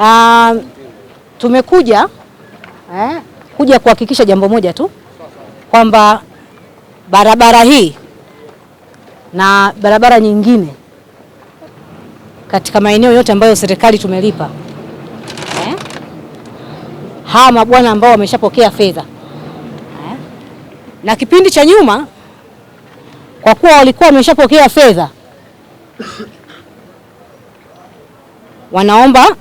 Uh, tumekuja eh, kuja kuhakikisha jambo moja tu kwamba barabara hii na barabara nyingine katika maeneo yote ambayo serikali tumelipa eh, hawa mabwana ambao wameshapokea fedha eh, na kipindi cha nyuma kwa kuwa walikuwa wameshapokea fedha wanaomba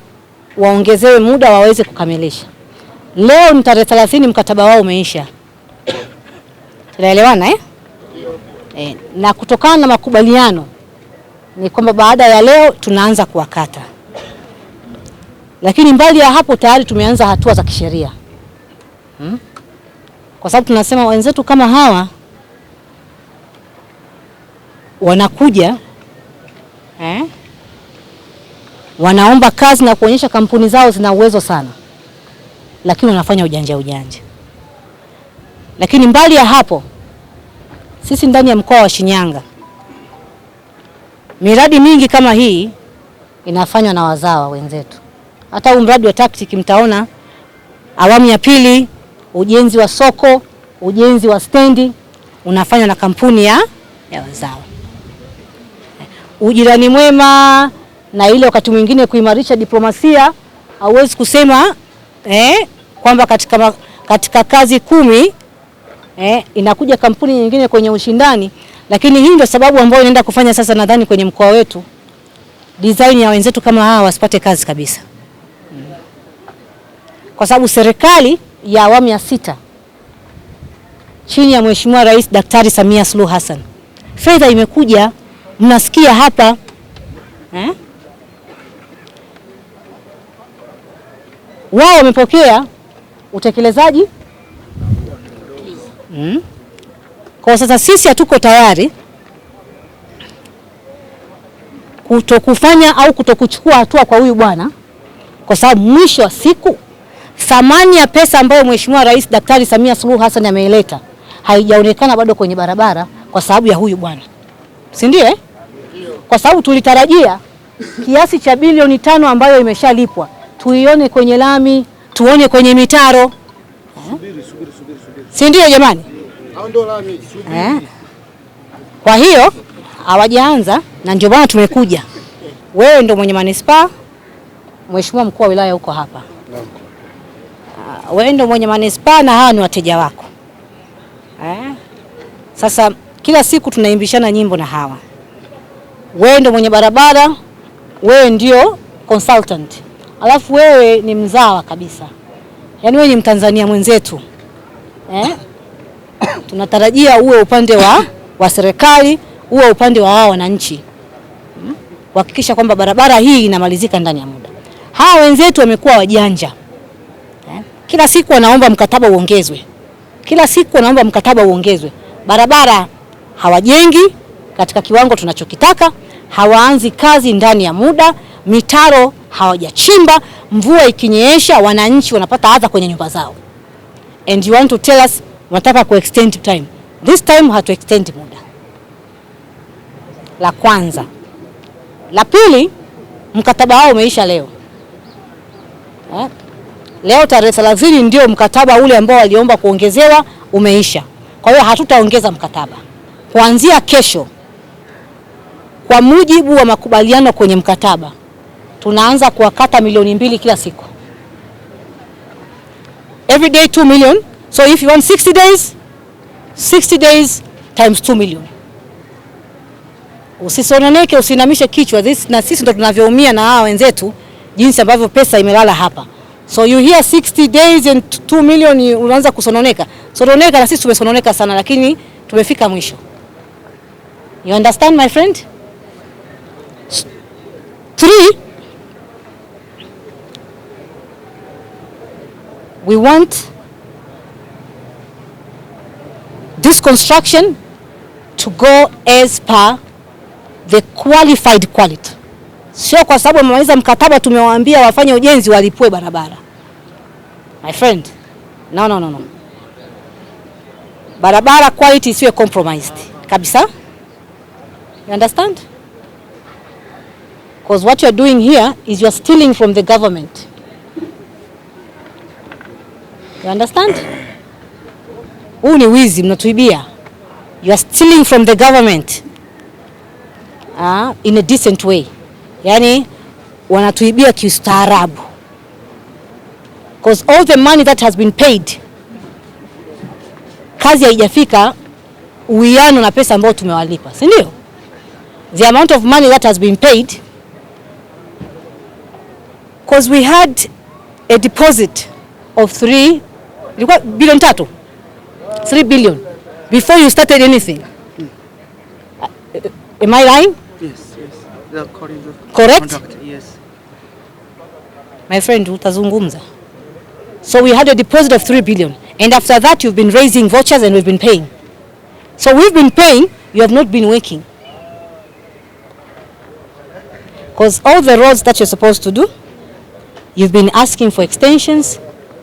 waongezewe muda waweze kukamilisha. Leo ni tarehe 30, mkataba wao umeisha. Tunaelewana eh? E, na kutokana na makubaliano ni kwamba baada ya leo tunaanza kuwakata, lakini mbali ya hapo tayari tumeanza hatua za kisheria hmm? Kwa sababu tunasema wenzetu kama hawa wanakuja eh? wanaomba kazi na kuonyesha kampuni zao zina uwezo sana, lakini wanafanya ujanja ujanja. Lakini mbali ya hapo, sisi ndani ya mkoa wa Shinyanga miradi mingi kama hii inafanywa na wazawa wenzetu. Hata huu mradi wa TACTIC mtaona awamu ya pili, ujenzi wa soko, ujenzi wa stendi unafanywa na kampuni ya, ya wazawa. Ujirani Mwema na ile wakati mwingine kuimarisha diplomasia. Hauwezi kusema eh, kwamba katika, katika kazi kumi eh, inakuja kampuni nyingine kwenye ushindani, lakini hii ndio sababu ambayo inaenda kufanya sasa, nadhani kwenye mkoa wetu design ya wenzetu kama hawa wasipate kazi kabisa, kwa sababu serikali ya awamu ya sita chini ya Mheshimiwa Rais Daktari Samia Suluhu Hassan fedha imekuja, mnasikia hapa eh? wao wamepokea utekelezaji mm. Kwa sasa sisi hatuko tayari kutokufanya au kutokuchukua hatua kwa huyu bwana, kwa sababu mwisho wa siku thamani ya pesa ambayo Mheshimiwa Rais Daktari Samia Suluhu Hassan ameileta haijaonekana bado kwenye barabara kwa sababu ya huyu bwana, si ndio eh? Kwa sababu tulitarajia kiasi cha bilioni tano ambayo imeshalipwa tuione kwenye lami, tuone kwenye mitaro, si ndio jamani? Eh? Kwa hiyo hawajaanza, na ndio maana tumekuja. Wewe ndio mwenye manispaa, mheshimiwa mkuu wa wilaya huko hapa, ah, wewe ndio mwenye manispaa na hawa ni wateja wako eh? Sasa kila siku tunaimbishana nyimbo na hawa. Wewe ndio mwenye barabara, wewe ndio consultant alafu wewe ni mzawa kabisa, yaani wewe ni Mtanzania mwenzetu eh? tunatarajia uwe upande wa, wa serikali uwe upande wa wao wananchi hmm? kuhakikisha kwamba barabara hii inamalizika ndani ya muda. Hawa wenzetu wamekuwa wajanja eh? Kila siku wanaomba mkataba uongezwe, kila siku wanaomba mkataba uongezwe. Barabara hawajengi katika kiwango tunachokitaka, hawaanzi kazi ndani ya muda, mitaro hawajachimba. Mvua ikinyesha, wananchi wanapata adha kwenye nyumba zao, and you want to tell us unataka ku extend time. This time hatu extend muda, la kwanza. La pili, mkataba wao umeisha leo ha? Eh? Leo tarehe 30 ndio mkataba ule ambao waliomba kuongezewa umeisha. Kwa hiyo hatutaongeza mkataba kuanzia kesho, kwa mujibu wa makubaliano kwenye mkataba tunaanza kuwakata milioni mbili kila siku, every day 2 million. So if you want 60 days, 60 days times 2 million. Usisononeke, usinamishe kichwa this, na sisi ndo tunavyoumia na hawa wenzetu jinsi ambavyo pesa imelala hapa. So you hear 60 days and 2 million, unaanza kusononeka sononeka, na sisi tumesononeka sana, lakini tumefika mwisho. You understand my friend? Three, we want this construction to go as per the qualified quality, sio kwa sababu wamemaliza mkataba tumewaambia wafanye ujenzi walipue barabara. My friend, no, no, no, no. Barabara quality isiwe compromised kabisa. You understand? Because what are doing here is are stealing from the government. You understand? Huu ni wizi, mnatuibia. You are stealing from the government. Uh, in a decent way. Yani wanatuibia kiustaarabu. Because all the money that has been paid, kazi haijafika uwiano na pesa ambayo tumewalipa, si ndio? The amount of money that has been paid because we had a deposit of 3 ilikuwa bilioni tatu, 3 billion before you started anything. Uh, am I lying? Yes, yes. The correct? yes. My friend, utazungumza. So we had a deposit of 3 billion and after that you've been raising vouchers and we've been paying. So we've been paying, you have not been working. Because all the roads that you're supposed to do, you've been asking for extensions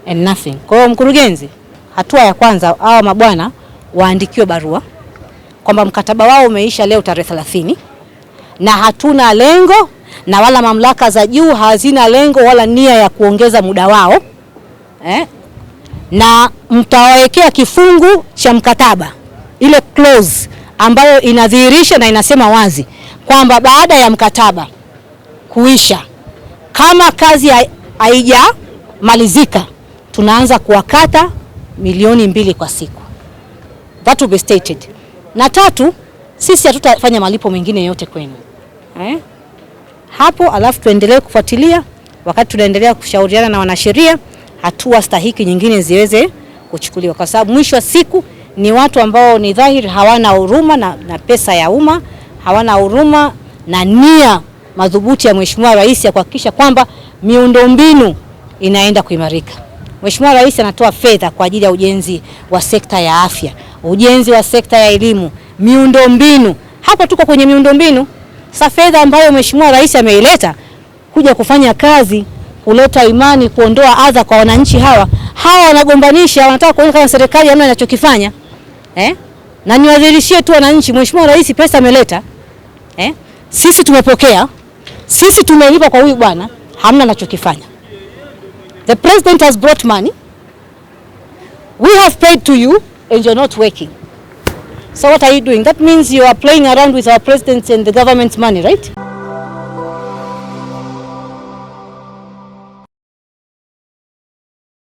and nothing. Kwa hiyo mkurugenzi, hatua ya kwanza hawa mabwana waandikiwe barua kwamba mkataba wao umeisha leo tarehe 30 na hatuna lengo na wala mamlaka za juu hazina lengo wala nia ya kuongeza muda wao eh? na mtawawekea kifungu cha mkataba ile clause ambayo inadhihirisha na inasema wazi kwamba baada ya mkataba kuisha kama kazi haijamalizika tunaanza kuwakata milioni mbili kwa siku. That will be stated. Na tatu, sisi hatutafanya malipo mengine yote kwenu eh? Hapo alafu tuendelee kufuatilia wakati tunaendelea kushauriana na wanasheria, hatua stahiki nyingine ziweze kuchukuliwa, kwa sababu mwisho wa siku ni watu ambao ni dhahiri hawana huruma na, na pesa ya umma, hawana huruma na nia madhubuti ya Mheshimiwa Rais ya kuhakikisha kwamba miundombinu inaenda kuimarika. Mheshimiwa Rais anatoa fedha kwa ajili ya ujenzi wa sekta ya afya, ujenzi wa sekta ya elimu, miundombinu. Hapo tuko kwenye miundombinu. Sasa fedha ambayo Mheshimiwa Rais ameileta kuja kufanya kazi, kuleta imani, kuondoa adha kwa wananchi hawa. Hawa wanagombanisha, wanataka kuona kama serikali hamna inachokifanya. Eh? Na niwadhirishie tu wananchi, Mheshimiwa Rais pesa ameleta. Eh? Sisi tumepokea. Sisi tumelipa kwa huyu bwana, hamna anachokifanya. The president has brought money. We have paid to you and you're not working. So what are you doing? That means you are playing around with our president's and the government's money, right?